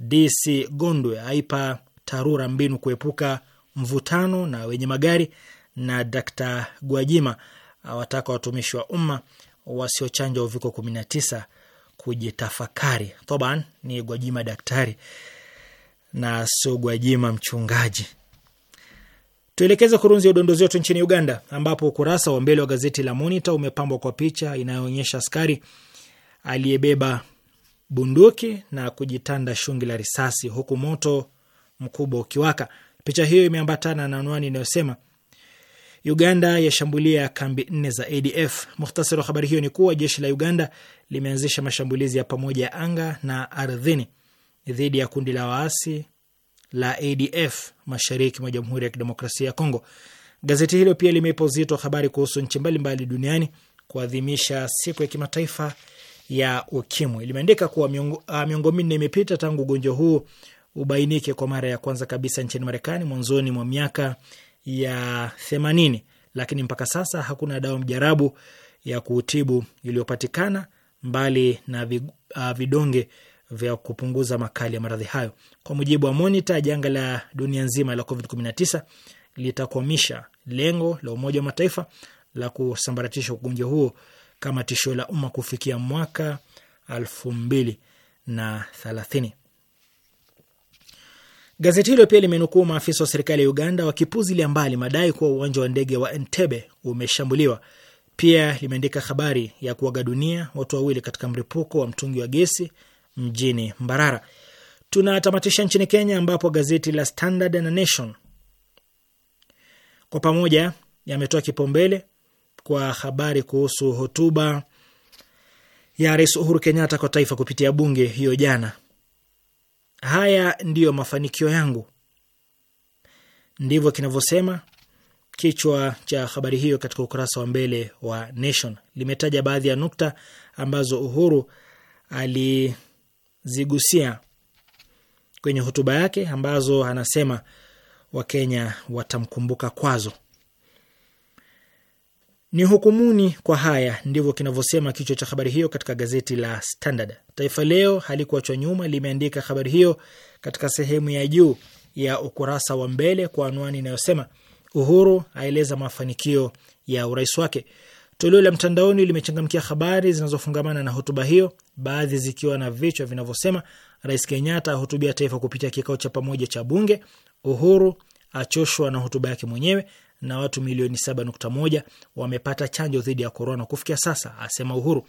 DC Gondwe aipa TARURA mbinu kuepuka mvutano na wenye magari na Dr Gwajima awataka watumishi wa umma wasiochanja uviko 19 kujitafakari. Toban ni Gwajima daktari na sio Gwajima mchungaji. Tuelekeze kurunzi ya udondozi wetu nchini Uganda, ambapo ukurasa wa mbele wa gazeti la Monitor umepambwa kwa picha inayoonyesha askari aliyebeba bunduki na kujitanda shungi la risasi huku moto mkubwa ukiwaka. Picha hiyo imeambatana na anwani inayosema Uganda yashambulia kambi nne za ADF. Muhtasari wa habari hiyo ni kuwa jeshi la Uganda limeanzisha mashambulizi ya pamoja ya anga na ardhini dhidi ya kundi la waasi la ADF mashariki mwa Jamhuri ya Kidemokrasia ya Kongo. Gazeti hilo pia limeipa uzito habari kuhusu nchi mbalimbali duniani kuadhimisha siku ya kimataifa ya ukimwi. Limeandika kuwa miongo, ah, miongo minne imepita tangu ugonjwa huu ubainike kwa mara ya kwanza kabisa nchini Marekani mwanzoni mwa miaka ya themanini, lakini mpaka sasa hakuna dawa mjarabu ya kuutibu iliyopatikana mbali na uh, vidonge vya kupunguza makali ya maradhi hayo. Kwa mujibu wa Monita, janga la dunia nzima la COVID-19 litakwamisha lengo la Umoja wa Mataifa la kusambaratisha ugonjwa huo kama tishio la umma kufikia mwaka elfu mbili na thelathini. Gazeti hilo pia limenukuu maafisa wa serikali ya Uganda wakipuzilia mbali madai kuwa uwanja wa ndege wa Entebbe umeshambuliwa. Pia limeandika habari ya kuaga dunia watu wawili katika mlipuko wa mtungi wa gesi mjini Mbarara. Tunatamatisha nchini Kenya, ambapo gazeti la Standard na Nation kwa pamoja yametoa kipaumbele kwa habari kuhusu hotuba ya Rais Uhuru Kenyatta kwa taifa kupitia bunge hiyo jana. Haya ndiyo mafanikio yangu, ndivyo kinavyosema kichwa cha habari hiyo katika ukurasa wa mbele wa Nation. Limetaja baadhi ya nukta ambazo Uhuru alizigusia kwenye hotuba yake ambazo anasema Wakenya watamkumbuka kwazo. Ni hukumuni kwa haya, ndivyo kinavyosema kichwa cha habari hiyo katika gazeti la Standard. Taifa Leo halikuachwa nyuma, limeandika habari hiyo katika sehemu ya juu ya ukurasa wa mbele kwa anwani inayosema Uhuru aeleza mafanikio ya urais wake. Toleo la mtandaoni limechangamkia habari zinazofungamana na hotuba hiyo, baadhi zikiwa na vichwa vinavyosema: Rais Kenyatta ahutubia taifa kupitia kikao cha pamoja cha Bunge, Uhuru achoshwa na hotuba yake mwenyewe, na watu milioni 7.1 wamepata chanjo dhidi ya korona kufikia sasa, asema Uhuru.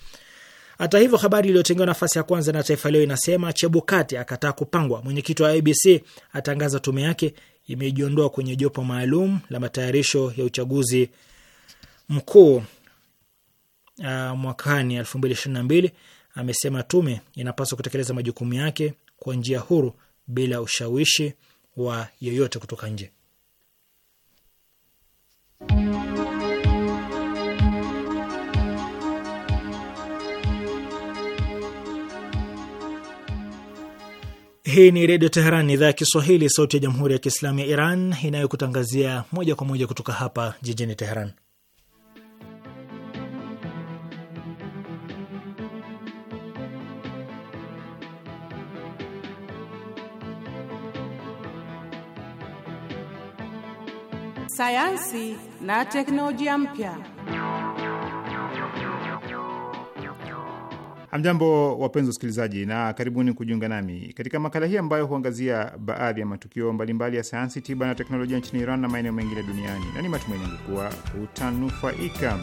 Hata hivyo, habari iliyotengewa nafasi ya kwanza na Taifa Leo inasema Chebukati akataa kupangwa. Mwenyekiti wa IBC atangaza tume yake imejiondoa kwenye jopo maalum la matayarisho ya uchaguzi mkuu uh, mwakani 2022. Amesema tume inapaswa kutekeleza majukumu yake kwa njia huru bila ushawishi wa yeyote kutoka nje. Hii ni Redio Teheran, idhaa ya Kiswahili, sauti ya Jamhuri ya Kiislamu ya Iran inayokutangazia moja kwa moja kutoka hapa jijini Teheran. Sayansi na teknolojia mpya. amjambo wapenzi wasikilizaji, na karibuni kujiunga nami katika makala hii ambayo huangazia baadhi ya matukio mbalimbali mbali ya sayansi, tiba na teknolojia nchini Iran na maeneo mengine duniani, na ni matumaini yangu kuwa utanufaika.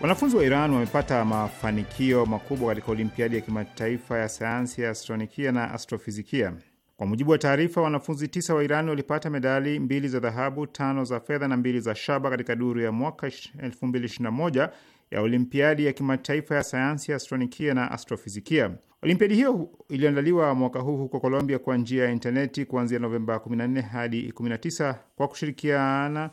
Wanafunzi wa Iran wamepata mafanikio makubwa katika Olimpiadi ya kimataifa ya sayansi ya astronikia na astrofizikia kwa mujibu wa taarifa, wanafunzi tisa wa Iran walipata medali mbili za dhahabu, tano za fedha na mbili za shaba katika duru ya mwaka 2021 ya Olimpiadi ya kimataifa ya sayansi ya astronikia na astrofizikia. Olimpiadi hiyo iliandaliwa mwaka huu huko Colombia kwa njia ya intaneti kuanzia Novemba 14 hadi 19 kwa kushirikiana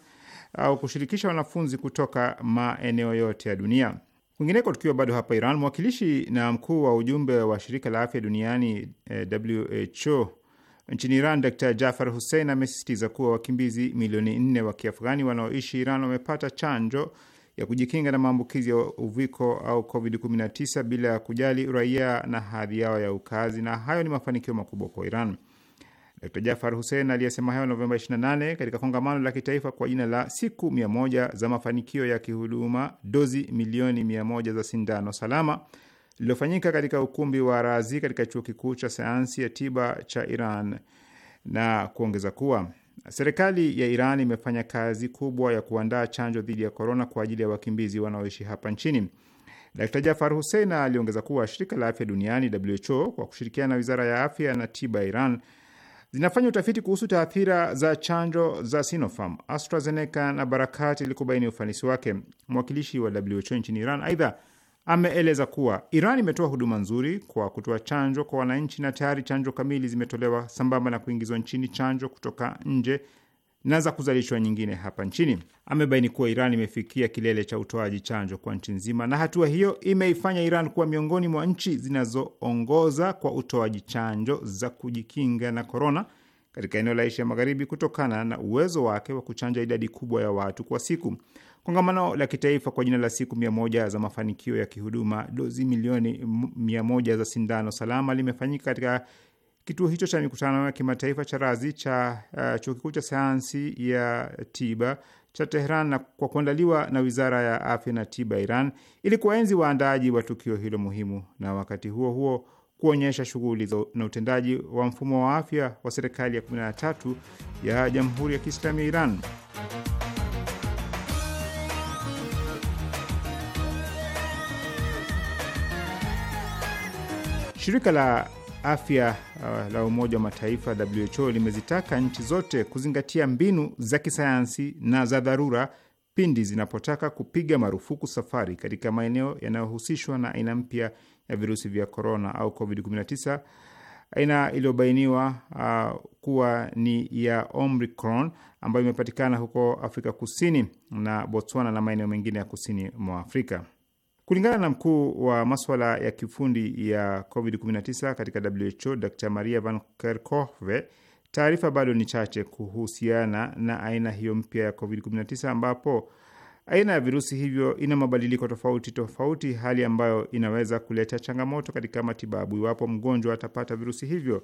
au kushirikisha wanafunzi kutoka maeneo yote ya dunia. Kwingineko, tukiwa bado hapa Iran, mwakilishi na mkuu wa ujumbe wa shirika la afya duniani eh, WHO nchini Iran, Dr Jafar Hussein amesisitiza kuwa wakimbizi milioni nne wa Kiafghani wanaoishi Iran wamepata chanjo ya kujikinga na maambukizi ya uviko au COVID-19 bila ya kujali uraia na hadhi yao ya ukazi, na hayo ni mafanikio makubwa kwa Iran. Dr Jafar Hussein aliyesema hayo Novemba 28 katika kongamano la kitaifa kwa jina la siku 100 za mafanikio ya kihuduma, dozi milioni 100 za sindano salama lililofanyika katika ukumbi wa Razi katika chuo kikuu cha sayansi ya tiba cha Iran na kuongeza kuwa serikali ya Iran imefanya kazi kubwa ya kuandaa chanjo dhidi ya korona kwa ajili ya wakimbizi wanaoishi hapa nchini. dr Jafar Hussein aliongeza kuwa shirika la afya duniani WHO kwa kushirikiana na wizara ya afya na tiba ya Iran zinafanya utafiti kuhusu taathira za chanjo za Sinopharm, AstraZeneca na Barakat ili kubaini ufanisi wake. Mwakilishi wa WHO nchini Iran aidha ameeleza kuwa Iran imetoa huduma nzuri kwa kutoa chanjo kwa wananchi na tayari chanjo kamili zimetolewa sambamba na kuingizwa nchini chanjo kutoka nje na za kuzalishwa nyingine hapa nchini. Amebaini kuwa Iran imefikia kilele cha utoaji chanjo kwa nchi nzima, na hatua hiyo imeifanya Iran kuwa miongoni mwa nchi zinazoongoza kwa utoaji chanjo za kujikinga na korona katika eneo la Asia Magharibi kutokana na uwezo wake wa kuchanja idadi kubwa ya watu kwa siku. Kongamano la kitaifa kwa jina la siku mia moja za mafanikio ya kihuduma, dozi milioni mia moja za sindano salama limefanyika katika kituo hicho cha mikutano ya kimataifa cha Razi cha uh, chuo kikuu cha sayansi ya tiba cha Tehran na kwa kuandaliwa na wizara ya afya na tiba Iran ili kuwaenzi waandaaji wa tukio hilo muhimu na wakati huo huo kuonyesha shughuli na utendaji wa mfumo wa afya wa serikali ya 13 ya Jamhuri ya Kiislamu ya Iran. Shirika la afya uh, la Umoja wa Mataifa WHO limezitaka nchi zote kuzingatia mbinu za kisayansi na za dharura pindi zinapotaka kupiga marufuku safari katika maeneo yanayohusishwa na aina mpya ya virusi vya korona au COVID-19, aina iliyobainiwa uh, kuwa ni ya Omicron ambayo imepatikana huko Afrika Kusini na Botswana na maeneo mengine ya kusini mwa Afrika. Kulingana na mkuu wa maswala ya kiufundi ya COVID-19 katika WHO Dr Maria Van Kerkhove, taarifa bado ni chache kuhusiana na aina hiyo mpya ya COVID-19 ambapo aina ya virusi hivyo ina mabadiliko tofauti tofauti, hali ambayo inaweza kuleta changamoto katika matibabu iwapo mgonjwa atapata virusi hivyo.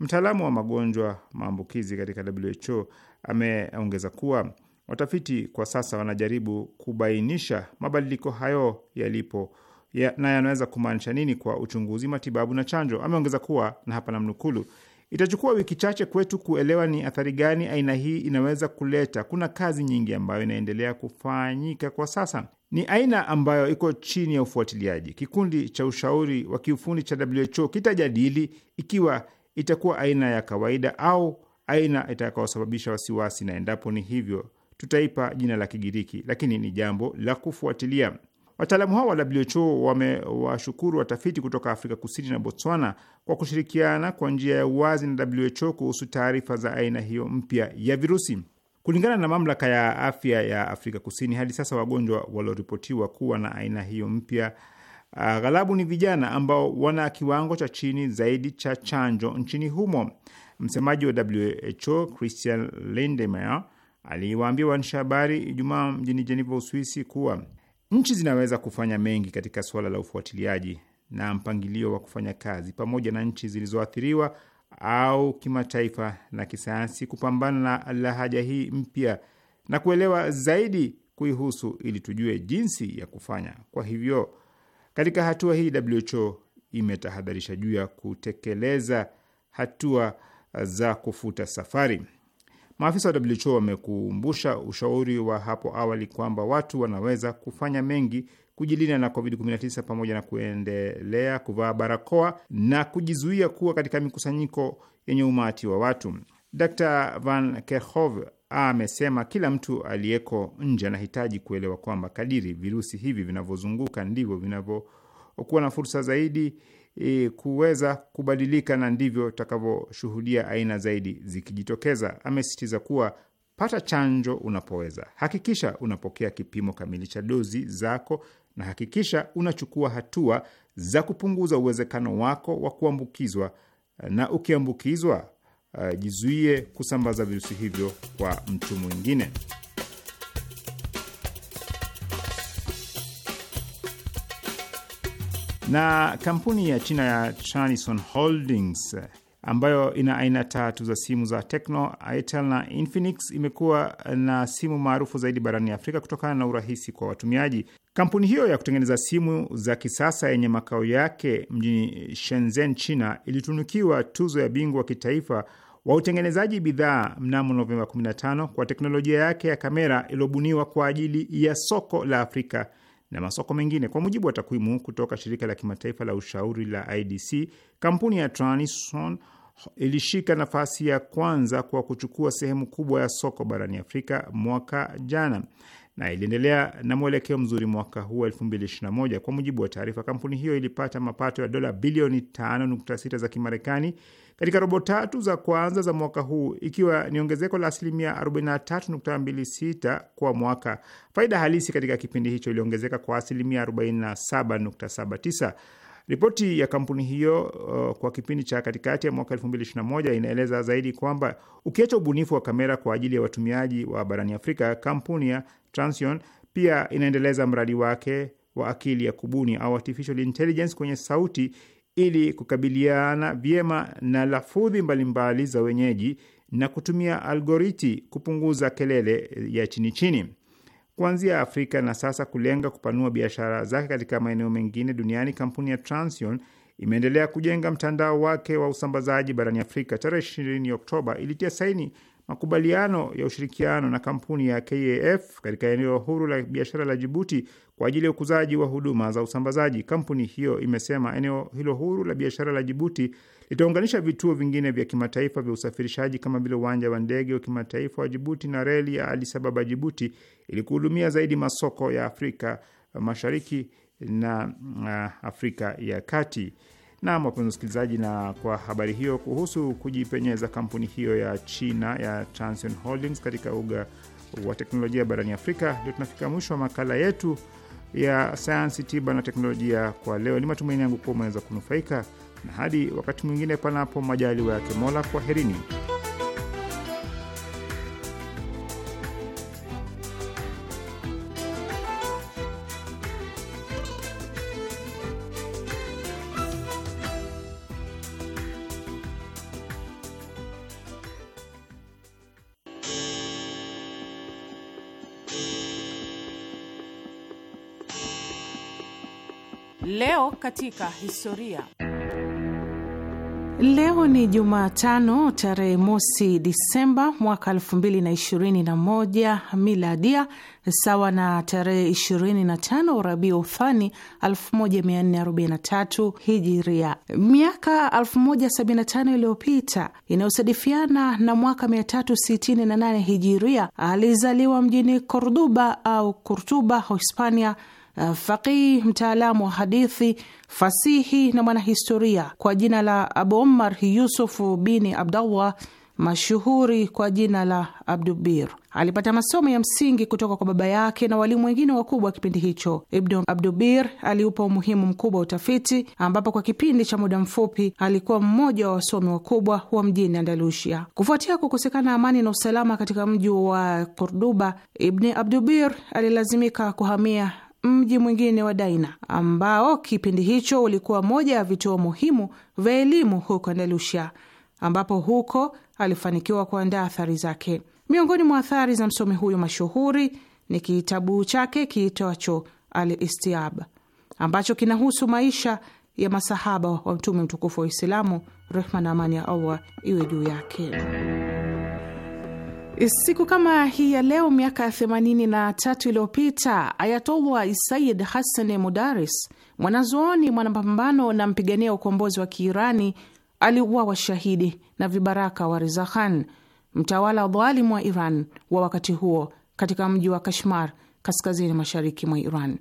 Mtaalamu wa magonjwa maambukizi katika WHO ameongeza kuwa Watafiti kwa sasa wanajaribu kubainisha mabadiliko hayo yalipo ya, na yanaweza kumaanisha nini kwa uchunguzi, matibabu na chanjo. Ameongeza kuwa na hapa namnukulu, itachukua wiki chache kwetu kuelewa ni athari gani aina hii inaweza kuleta. Kuna kazi nyingi ambayo inaendelea kufanyika kwa sasa. Ni aina ambayo iko chini ya ufuatiliaji. Kikundi cha ushauri wa kiufundi cha WHO kitajadili ikiwa itakuwa aina ya kawaida au aina itakayosababisha wasiwasi, na endapo ni hivyo tutaipa jina la Kigiriki, lakini ni jambo la kufuatilia. Wataalamu hao wa WHO wamewashukuru watafiti kutoka Afrika Kusini na Botswana kwa kushirikiana kwa njia ya uwazi na WHO kuhusu taarifa za aina hiyo mpya ya virusi. Kulingana na mamlaka ya afya ya Afrika Kusini, hadi sasa wagonjwa walioripotiwa kuwa na aina hiyo mpya aghalabu ah, ni vijana ambao wana kiwango cha chini zaidi cha chanjo nchini humo. Msemaji wa WHO Christian Lindmeier aliwaambia waandishi habari Ijumaa mjini Jeneva, Uswisi, kuwa nchi zinaweza kufanya mengi katika suala la ufuatiliaji na mpangilio wa kufanya kazi pamoja na nchi zilizoathiriwa au kimataifa na kisayansi kupambana na lahaja hii mpya na kuelewa zaidi kuihusu ili tujue jinsi ya kufanya. Kwa hivyo, katika hatua hii WHO imetahadharisha juu ya kutekeleza hatua za kufuta safari. Maafisa wa WHO wamekumbusha ushauri wa hapo awali kwamba watu wanaweza kufanya mengi kujilinda na COVID-19 pamoja na kuendelea kuvaa barakoa na kujizuia kuwa katika mikusanyiko yenye umati wa watu. Dr Van Kerkhove amesema kila mtu aliyeko nje anahitaji kuelewa kwamba kadiri virusi hivi vinavyozunguka ndivyo vinavyokuwa na fursa zaidi kuweza kubadilika na ndivyo takavyoshuhudia aina zaidi zikijitokeza. Amesisitiza kuwa pata chanjo unapoweza, hakikisha unapokea kipimo kamili cha dozi zako na hakikisha unachukua hatua za kupunguza uwezekano wako wa kuambukizwa, na ukiambukizwa, eh, jizuie kusambaza virusi hivyo kwa mtu mwingine. na kampuni ya China ya Tranison Holdings ambayo ina aina tatu za simu za Tecno, Itel na Infinix imekuwa na simu maarufu zaidi barani Afrika kutokana na urahisi kwa watumiaji. Kampuni hiyo ya kutengeneza simu za kisasa yenye makao yake mjini Shenzhen, China, ilitunukiwa tuzo ya bingwa wa kitaifa wa utengenezaji bidhaa mnamo Novemba 15 kwa teknolojia yake ya kamera iliyobuniwa kwa ajili ya soko la Afrika na masoko mengine. Kwa mujibu wa takwimu kutoka shirika la kimataifa la ushauri la IDC, kampuni ya Transon ilishika nafasi ya kwanza kwa kuchukua sehemu kubwa ya soko barani Afrika mwaka jana na iliendelea na mwelekeo mzuri mwaka huu 2021. Kwa mujibu wa taarifa, kampuni hiyo ilipata mapato ya dola bilioni 5.6 za Kimarekani katika robo tatu za kwanza za mwaka huu, ikiwa ni ongezeko la asilimia 43.26 kwa mwaka. Faida halisi katika kipindi hicho iliongezeka kwa asilimia 47.79. Ripoti ya kampuni hiyo uh, kwa kipindi cha katikati ya mwaka 2021 inaeleza zaidi kwamba ukiacha ubunifu wa kamera kwa ajili ya watumiaji wa barani Afrika, kampuni ya Transion pia inaendeleza mradi wake wa akili ya kubuni au artificial intelligence kwenye sauti ili kukabiliana vyema na lafudhi mbalimbali za wenyeji na kutumia algoriti kupunguza kelele ya chini chini kuanzia Afrika na sasa kulenga kupanua biashara zake katika maeneo mengine duniani. Kampuni ya Transion imeendelea kujenga mtandao wake wa usambazaji barani Afrika. Tarehe 20 Oktoba ilitia saini makubaliano ya ushirikiano na kampuni ya KAF katika eneo huru la biashara la Jibuti kwa ajili ya ukuzaji wa huduma za usambazaji. Kampuni hiyo imesema eneo hilo huru la biashara la Jibuti litaunganisha vituo vingine vya kimataifa vya usafirishaji kama vile uwanja wa ndege wa kimataifa wa Jibuti na reli ya Addis Ababa Jibuti ili kuhudumia zaidi masoko ya Afrika Mashariki na uh, Afrika ya Kati. Naam, wapenzi wasikilizaji, na kwa habari hiyo kuhusu kujipenyeza kampuni hiyo ya China ya Transsion Holdings katika uga wa teknolojia barani Afrika, ndio tunafika mwisho wa makala yetu ya sayansi, tiba na teknolojia kwa leo. Ni matumaini yangu kuwa umeweza kunufaika, na hadi wakati mwingine, panapo majaliwa yake Mola, kwaherini. Leo katika historia. Leo ni Jumatano tarehe mosi Disemba mwaka moja miladia, sawa na tarehe 25 Urabia Uthani 1443 Hijiria. Miaka 175 iliyopita inayosadifiana na mwaka 368 Hijiria, alizaliwa mjini Korduba au Kurtuba, Hispania Uh, faqihi, mtaalamu wa hadithi, fasihi na mwanahistoria kwa jina la Abu umar Yusufu bini Abdallah mashuhuri kwa jina la Abdubir. Alipata masomo ya msingi kutoka kwa baba yake na walimu wengine wakubwa wa kipindi hicho. ibnu Abdubir aliupa umuhimu mkubwa wa utafiti, ambapo kwa kipindi cha muda mfupi alikuwa mmoja wa wasomi wakubwa wa mjini Andalusia. Kufuatia kukosekana amani na usalama katika mji wa Korduba, Ibni Abdubir alilazimika kuhamia mji mwingine wa Daina ambao kipindi hicho ulikuwa moja ya vituo muhimu vya elimu huko Andalusia, ambapo huko alifanikiwa kuandaa athari zake. Miongoni mwa athari za msomi huyo mashuhuri ni kitabu chake kiitwacho Al-Istiab ambacho kinahusu maisha ya masahaba wa Mtume mtukufu wa Uislamu, rehma na amani ya Allah iwe juu yake. E, siku kama hii ya leo miaka 83 iliyopita Ayatollah Sayyid Hassan Mudaris, mwanazuoni mwanapambano na mpigania ukombozi wa Kiirani, aliuawa washahidi na vibaraka wa Reza Khan, mtawala dhalimu wa Iran wa wakati huo, katika mji wa Kashmar, kaskazini mashariki mwa Iran.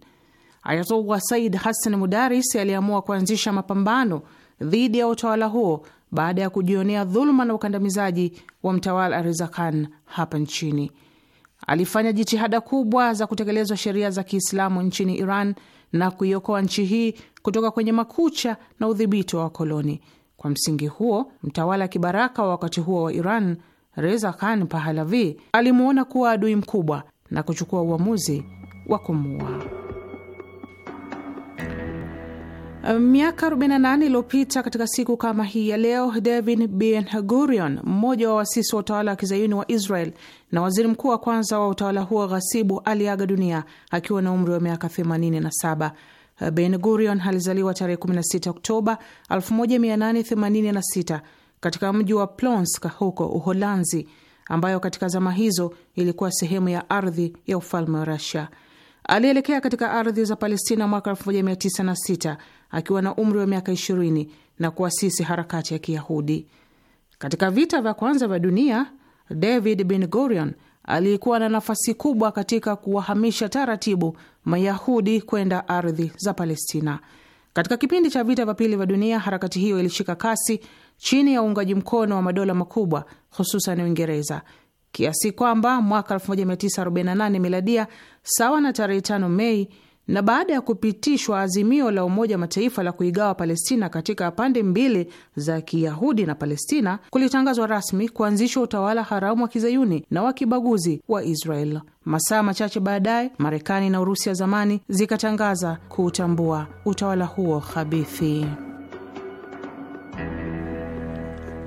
Ayatollah Sayyid Hassan Mudaris aliamua kuanzisha mapambano dhidi ya utawala huo baada ya kujionea dhuluma na ukandamizaji wa mtawala reza Khan hapa nchini. Alifanya jitihada kubwa za kutekelezwa sheria za Kiislamu nchini Iran na kuiokoa nchi hii kutoka kwenye makucha na udhibiti wa wakoloni. Kwa msingi huo, mtawala kibaraka wa wakati huo wa Iran, Reza Khan pahalavi alimwona kuwa adui mkubwa na kuchukua uamuzi wa kumuua. Miaka 48 iliyopita katika siku kama hii ya leo, David Ben Gurion, mmoja wa wasisi wa utawala wa kizayuni wa Israel na waziri mkuu wa kwanza wa utawala huo ghasibu, aliaga dunia akiwa na umri wa miaka 87. Ben Gurion alizaliwa tarehe 16 Oktoba 1886 katika mji wa Plonsk huko Uholanzi, ambayo katika zama hizo ilikuwa sehemu ya ardhi ya ufalme wa Rusia. Alielekea katika ardhi za Palestina mwaka 1906 akiwa na umri wa miaka ishirini na kuasisi harakati ya Kiyahudi. Katika vita vya kwanza vya dunia, David Ben Gurion alikuwa na nafasi kubwa katika kuwahamisha taratibu Mayahudi kwenda ardhi za Palestina. Katika kipindi cha vita vya pili vya dunia, harakati hiyo ilishika kasi chini ya uungaji mkono wa madola makubwa, hususan Uingereza, kiasi kwamba mwaka 1948 miladia, sawa na tarehe 5 Mei na baada ya kupitishwa azimio la Umoja Mataifa la kuigawa Palestina katika pande mbili za Kiyahudi na Palestina, kulitangazwa rasmi kuanzishwa utawala haramu wa kizayuni na wa kibaguzi wa Israel. Masaa machache baadaye, Marekani na Urusi ya zamani zikatangaza kuutambua utawala huo habithi.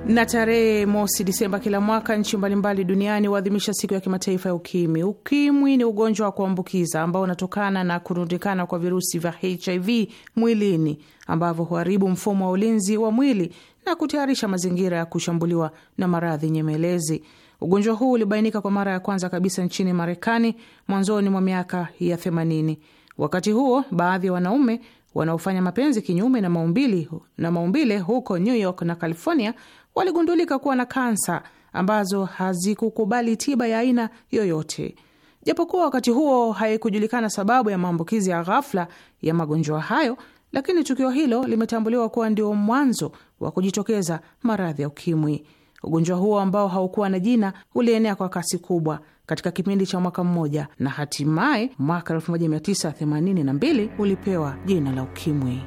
Na tarehe mosi Disemba kila mwaka nchi mbalimbali duniani huadhimisha siku ya kimataifa ya ukimwi. Ukimwi ni ugonjwa wa kuambukiza ambao unatokana na kurundikana kwa virusi vya HIV mwilini ambavyo huharibu mfumo wa ulinzi wa mwili na kutayarisha mazingira ya kushambuliwa na maradhi nyemelezi. Ugonjwa huu ulibainika kwa mara ya kwanza kabisa nchini Marekani mwanzoni mwa miaka ya themanini Wakati huo baadhi ya wanaume wanaofanya mapenzi kinyume na maumbile, na maumbile huko New York na California waligundulika kuwa na kansa ambazo hazikukubali tiba ya aina yoyote. Japokuwa wakati huo haikujulikana sababu ya maambukizi ya ghafla ya magonjwa hayo, lakini tukio hilo limetambuliwa kuwa ndio mwanzo wa kujitokeza maradhi ya ukimwi. Ugonjwa huo ambao haukuwa na jina ulienea kwa kasi kubwa katika kipindi cha mwaka mmoja na hatimaye mwaka 1982 ulipewa jina la Ukimwi.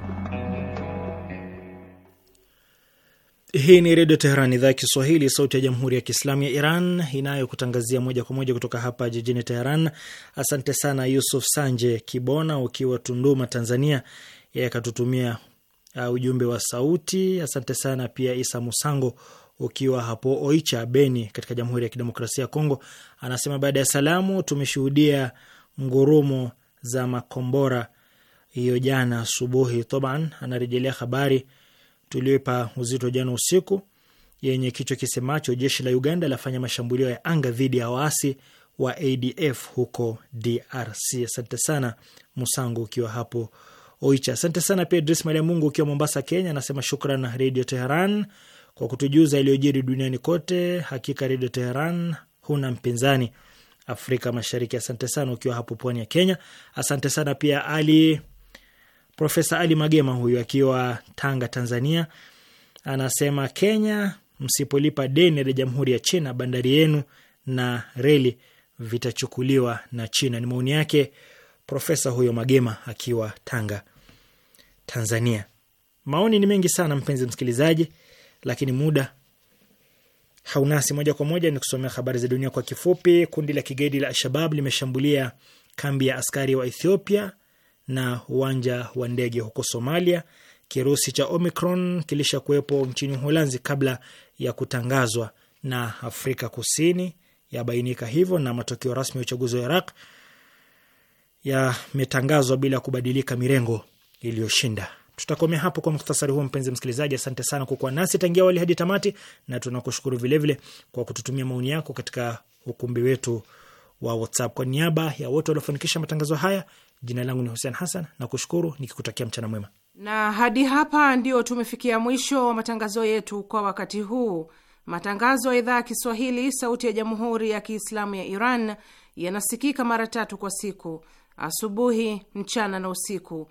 Hii ni Redio Teheran, idhaa ya Kiswahili, sauti ya Jamhuri ya Kiislamu ya Iran inayokutangazia moja kwa moja kutoka hapa jijini Teheran. Asante sana Yusuf Sanje Kibona ukiwa Tunduma, Tanzania, yeye akatutumia uh, ujumbe wa sauti. Asante sana pia Isa Musango ukiwa hapo Oicha, Beni, katika Jamhuri ya Kidemokrasia ya Kongo, anasema baada ya salamu, tumeshuhudia ngurumo za makombora hiyo jana asubuhi. Toban anarejelea habari tulioipa uzito jana usiku yenye kichwa kisemacho jeshi la Uganda lafanya mashambulio ya anga dhidi ya waasi wa ADF huko DRC. Asante sana Musango ukiwa hapo Oicha. Asante sana pia Idris Malia Mungu ukiwa Mombasa, Kenya, anasema shukran Redio Teheran kwa kutujuza yaliyojiri duniani kote. Hakika Redio Teheran huna mpinzani Afrika Mashariki. Asante sana ukiwa hapo pwani ya Kenya. Asante sana pia Ali Profesa Ali Magema, huyu akiwa Tanga, Tanzania, anasema Kenya, msipolipa deni la jamhuri ya China, bandari yenu na reli vitachukuliwa na China. Ni maoni yake profesa huyo Magema akiwa Tanga, Tanzania. Maoni ni mengi sana, mpenzi msikilizaji lakini muda haunasi. Moja kwa moja ni kusomea habari za dunia kwa kifupi. Kundi la kigaidi la Alshabab limeshambulia kambi ya askari wa Ethiopia na uwanja wa ndege huko Somalia. Kirusi cha Omicron kilisha kuwepo nchini Uholanzi kabla ya kutangazwa na Afrika Kusini yabainika hivyo, na matokeo rasmi ya uchaguzi wa Iraq yametangazwa bila kubadilika mirengo iliyoshinda. Tutakomea hapo kwa muhtasari huo, mpenzi msikilizaji. Asante sana kwa kuwa nasi tangia awali hadi tamati, na tunakushukuru vilevile kwa kututumia maoni yako katika ukumbi wetu wa WhatsApp. Kwa niaba ya wote waliofanikisha matangazo haya, jina langu ni Hussein Hassan na kushukuru nikikutakia mchana mwema. Na hadi hapa ndio tumefikia mwisho wa matangazo yetu kwa wakati huu. Matangazo ya idhaa ya Kiswahili sauti ya jamhuri ya Kiislamu ya Iran yanasikika mara tatu kwa siku: asubuhi, mchana na usiku